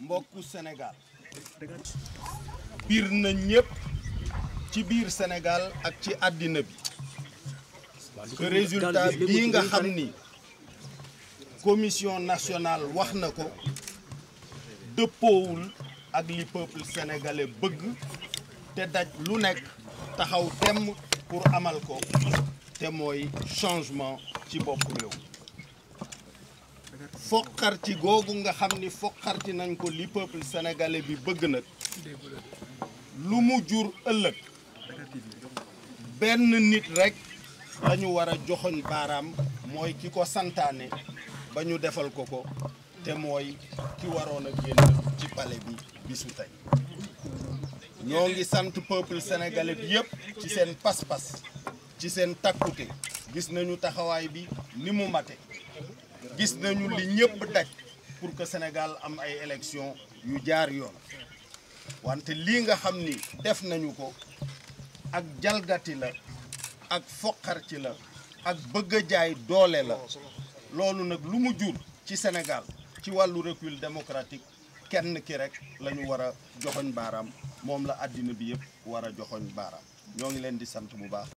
mbokku Sénégal biir na ñépp ci biir Sénégal ak ci àddina bi que résultat bii nga xam ni commission nationale wax na ko dëppoowul ak li peuple bëgg te daj lu nekk taxaw temm pour amal ko te mooy changement ci bokk réew foqarti googu nga xam ni foqarti nañ ko li peuple sénégalais bi bëgg nag lu mu jur ëllëg benn nit rekk lañu war a joxoñ baaraam mooy ki ko santaane ba ñu defal ko ko te mooy ki waroon a génn ci palais bi bisu tey ñoo ngi sant peuple sénégalais bi yëpp ci seen pas-pas ci seen takkute gis nañu taxawaay bi ni mu mate gis nañu li ñëpp daj pour que senegal am ay élections yu jaar yoon wante lii nga xam ni def nañu ko ak jalgati la ak foqar la ak bëgg a jaay doole la loolu nag lu mu jur ci senegal ci wàllu recul démocratique kenn ki rek la ñu war a joxoñ baaraam moom la àddina bi yëpp war a joxoñ baaraam ñoo ngi leen di sant bu baax